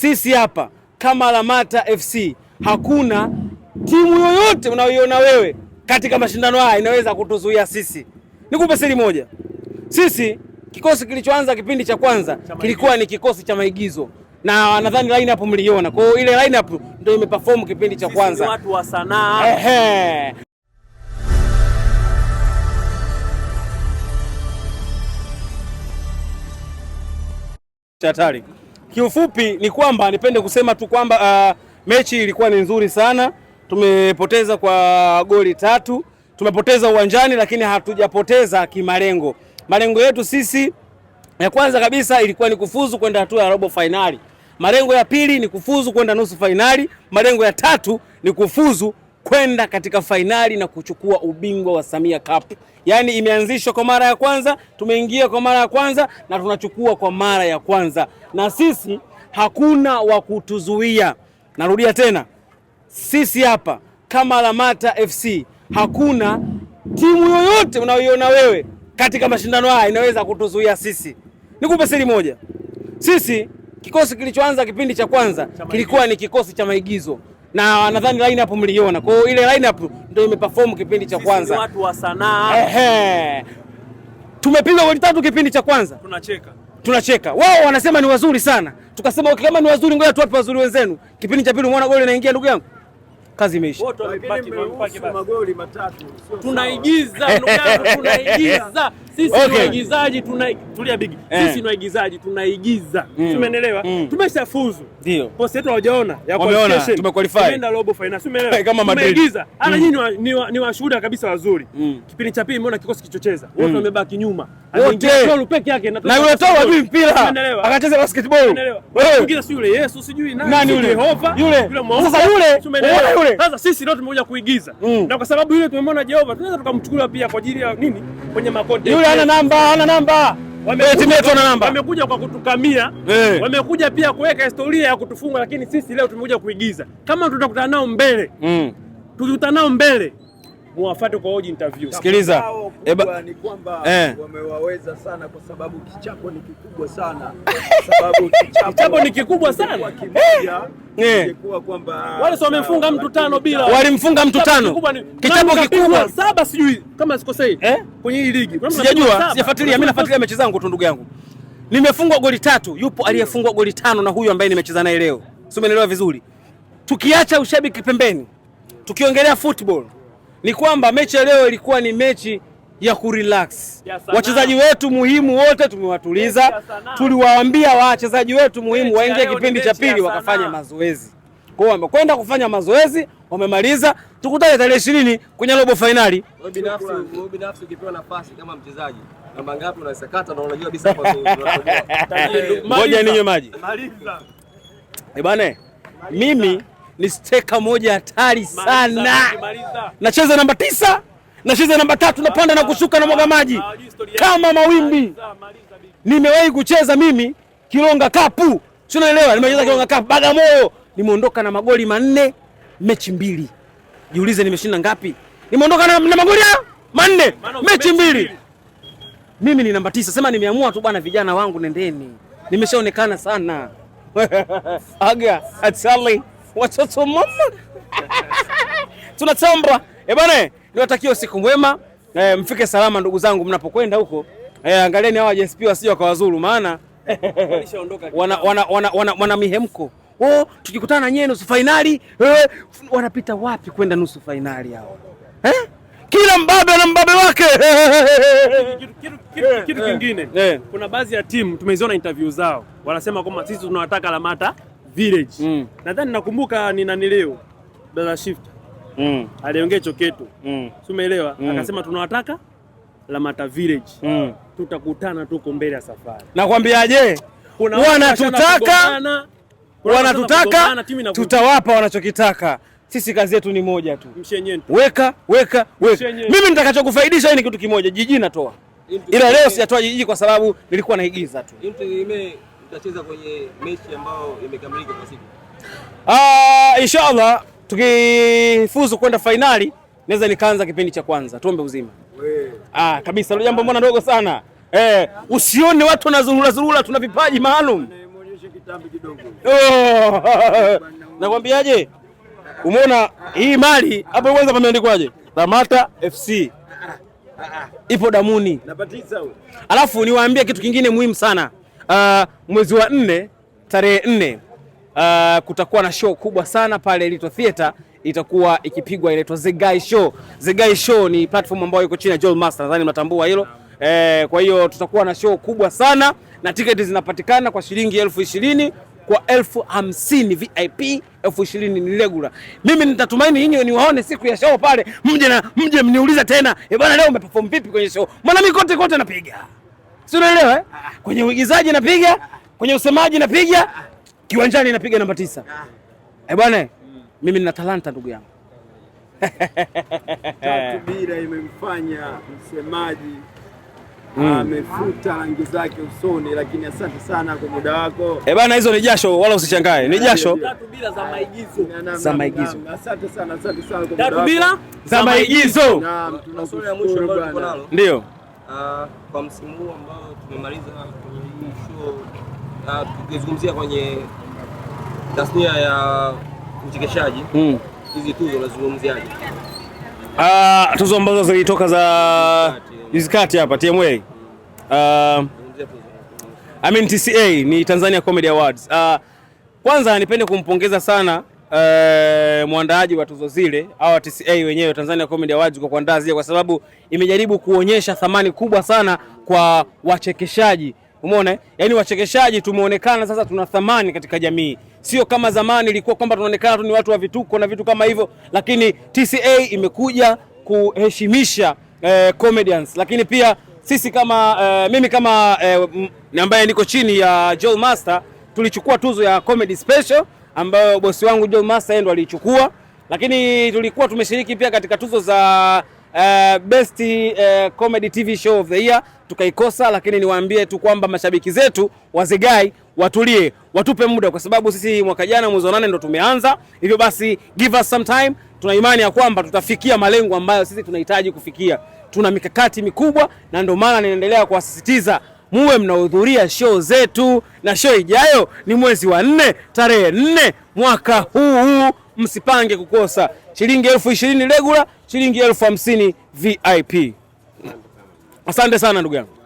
sisi hapa kama Lamata FC hakuna timu yoyote unayoiona wewe katika mashindano haya inaweza kutuzuia sisi. Nikupe siri moja, sisi kikosi kilichoanza kipindi cha kwanza kilikuwa ni kikosi cha maigizo na nadhani line up mliona. Kwa hiyo ile line up ndio imeperform kipindi cha kwanza. Sisi watu wa sanaa. Ehe. Hatari. Kiufupi ni kwamba nipende kusema tu kwamba uh, mechi ilikuwa ni nzuri sana. Tumepoteza kwa goli tatu, tumepoteza uwanjani, lakini hatujapoteza kimalengo. Malengo yetu sisi ya kwanza kabisa ilikuwa ni kufuzu kwenda hatua ya robo fainali. Malengo ya pili ni kufuzu kwenda nusu fainali. Malengo ya tatu ni kufuzu kwenda katika fainali na kuchukua ubingwa wa Samia Cup. Yaani imeanzishwa kwa mara ya kwanza, tumeingia kwa mara ya kwanza na tunachukua kwa mara ya kwanza, na sisi hakuna wa kutuzuia. Narudia tena, sisi hapa kama Lamata FC hakuna timu yoyote unayoiona wewe katika mashindano haya inaweza kutuzuia sisi. Nikupe siri moja, sisi kikosi kilichoanza kipindi cha kwanza kilikuwa ni kikosi cha maigizo na nadhani line up mliona. Kwa hiyo ile line up ndio imeperform kipindi cha kwanza. Sisi watu wa sanaa. Ehe. Tumepiga goli tatu kipindi cha kwanza. Tunacheka. Tunacheka. Wao wanasema ni wazuri sana. Tukasema okay, kama ni wazuri, ngoja tuwape wazuri wenzenu. Kipindi cha pili umeona goli linaingia ndugu yangu kazi imeisha. Magoli matatu. Tunaigiza tunaigiza. Sisi ni waigizaji tulia bigi. Eh. Sisi ni waigizaji tunaigiza. Mm. mm. Tumeshafuzu. Ndio. Posi yetu hawajaona ya qualification. Tumequalify. Tumeenda robo final. Umeelewa? Kama Madrid. Tumeigiza. Hata mm. nyinyi ni washuhuda kabisa wazuri. Mm. Kipindi cha pili umeona kikosi kilichocheza. Wote wamebaki nyuma. Aliingia solo peke yake na yule toa bibi mpira. Akacheza basketball. Umeelewa? Mwingine si yule Yesu sijui nani. Nani yule? Yehova. Yule. Sasa yule. Unaona yule Eh. Sasa sisi leo tumekuja kuigiza mm. na kwa sababu yule tumemwona Jehova, tunaweza tukamchukua pia kwa ajili ya nini kwenye makonde. Yule ana namba, ana namba wamekuja kwa kutukamia hey. Eh. Wamekuja pia kuweka historia ya kutufunga, lakini sisi leo tumekuja kuigiza. Kama tutakutana nao mbele mm. tukikutana nao mbele muwafate kwa hoji interview. Sikiliza. Eba ni kwamba eh, wamewaweza sana kwa sababu kichapo ni kikubwa sana. Sababu kichapo, ni kikubwa sana. Eh. eh. Kwamba wale sio wamemfunga mtu tano bila. Walimfunga mtu tano. Kichapo kikubwa saba sijui kama sikosei. Eh? Kwenye hii ligi. Sijajua, sijafuatilia. Mimi nafuatilia mechi zangu tu ndugu yangu. Nimefungwa goli tatu, yupo aliyefungwa goli tano na huyu ambaye nimecheza naye leo. Si umeelewa vizuri? Tukiacha ushabiki pembeni, tukiongelea football ni kwamba mechi ya leo ilikuwa ni mechi ya kurelax. Wachezaji wetu muhimu wote tumewatuliza, tuliwaambia wachezaji wetu muhimu waingie kipindi cha pili wakafanya mazoezi. Kwa hiyo wamekwenda kufanya mazoezi, wamemaliza. Tukutane tarehe ishirini kwenye robo fainali. Wewe binafsi, wewe binafsi ukipewa nafasi kama mchezaji namba ngapi na unajua kabisa ngoja ninywe maji. Maliza. Eh, mimi ni steka moja hatari sana. Nacheza namba tisa, nacheza namba tatu, napanda na kushuka na mwaga maji kama mawimbi. Nimewahi kucheza mimi Kilonga Kapu, si unaelewa? Nimecheza Kilonga Kapu Bagamoyo, nimeondoka na magoli manne mechi mbili. Jiulize nimeshinda ngapi? Nimeondoka na, na magoli manne mechi mbili. Mimi ni namba tisa. Sema nimeamua tu bwana, vijana wangu nendeni, nimeshaonekana sana aga atsali watoto mama tunatamba eh bwana, niwatakie usiku mwema e, mfike salama ndugu zangu mnapokwenda huko e, angalieni hawa JSP wasije wakawazuru, maana wana, wana, wana, wana, wana mihemko oh, tukikutana na nyewe nusu fainali eh, wanapita wapi kwenda nusu fainali hao eh? Kila mbabe na mbabe wake. Kitu, kitu, kitu, kitu eh, kingine, kuna baadhi ya timu tumeziona interview zao wanasema kwamba sisi tunawataka Lamata village mm. Nadhani nakumbuka ni nani leo brother shift mm. aliongea hicho kitu mm. si umeelewa mm. Akasema tunawataka Lamata village mm. Tutakutana tuko mbele ya safari. Nakwambiaje, wanatutaka wanatutaka, tutawapa wanachokitaka. Sisi kazi yetu ni moja tu, weka weka weka. Mimi nitakachokufaidisha ni kitu kimoja, jijii natoa, ila leo sijatoa jiji kwa sababu nilikuwa naigiza tu tutacheza kwenye mechi ambayo imekamilika kwa siku. Ah, inshallah tukifuzu kwenda fainali naweza nikaanza kipindi cha kwanza, tuombe uzima. We. Ah, kabisa hilo jambo mbona dogo sana eh, usione watu wanazurura zurura, tuna vipaji maalum oh. Nakwambiaje, umeona hii mali hapo kwanza pameandikwaje? Ramata FC ah, ah, ah, ipo damuni. Alafu niwaambie kitu kingine muhimu sana Uh, mwezi wa nne tarehe nne uh, kutakuwa na show kubwa sana pale Little Theater itakuwa ikipigwa inaitwa The Guy Show. The Guy Show ni platform ambayo iko chini ya Joel Master, nadhani mnatambua hilo. Eh, kwa hiyo tutakuwa na show kubwa sana na tiketi zinapatikana kwa shilingi elfu ishirini kwa elfu hamsini VIP, elfu ishirini ni regular. Mimi nitatumaini nyinyi niwaone siku ya show pale, mje na mje mniulize tena, eh bwana, leo umeperform vipi kwenye show? Maana mimi kote kote napiga si unaelewa eh? Kwenye uigizaji napiga, kwenye usemaji napiga, kiwanjani napiga namba tisa. Eh bwana, mimi nina talanta ndugu yangu. Takbira imemfanya msemaji hmm. amefuta rangi zake usoni, lakini asante sana kwa muda wako. Eh bana, hizo ni jasho, wala usichangae, ni jasho takbira za maigizo za maigizo. Asante sana, asante sana kwa muda wako. Takbira za maigizo. Naam, tuna tunasoma mwisho ambao tuko nalo. Ndio. Ah, kwa msimu huu ambao tumemaliza kwenye hii show uh, tukizungumzia kwenye tasnia ya uchekeshaji hmm. hizi mm. tuzo unazungumziaje? Uh, tuzo ambazo zilitoka za hizi hapa TMA mm. uh, I mean TCA ni Tanzania Comedy Awards. Uh, kwanza nipende kumpongeza sana Eh, mwandaaji wa tuzo zile au TCA wenyewe Tanzania Comedy Awards kwa kuandaa zile, kwa sababu imejaribu kuonyesha thamani kubwa sana kwa wachekeshaji. Umeona, yaani wachekeshaji tumeonekana sasa tuna thamani katika jamii, sio kama zamani ilikuwa kwamba tunaonekana tu ni watu wa vituko na vitu kama hivyo, lakini TCA imekuja kuheshimisha eh, comedians. Lakini pia sisi kama eh, mimi kama eh, ambaye niko chini ya Joel Master tulichukua tuzo ya comedy special ambayo bosi wangu John Masa yeye ndo alichukua, lakini tulikuwa tumeshiriki pia katika tuzo za uh, best uh, comedy TV show of the year tukaikosa, lakini niwaambie tu kwamba mashabiki zetu wazigai watulie, watupe muda, kwa sababu sisi mwaka jana mwezi wa nane ndo tumeanza. Hivyo basi give us some time, tuna imani ya kwamba tutafikia malengo ambayo sisi tunahitaji kufikia. Tuna mikakati mikubwa, na ndio maana ninaendelea kuwasisitiza muwe mnahudhuria show zetu, na show ijayo ni mwezi wa nne tarehe nne mwaka huu, msipange kukosa. Shilingi elfu ishirini regular, shilingi elfu hamsini VIP. Asante sana ndugu yangu.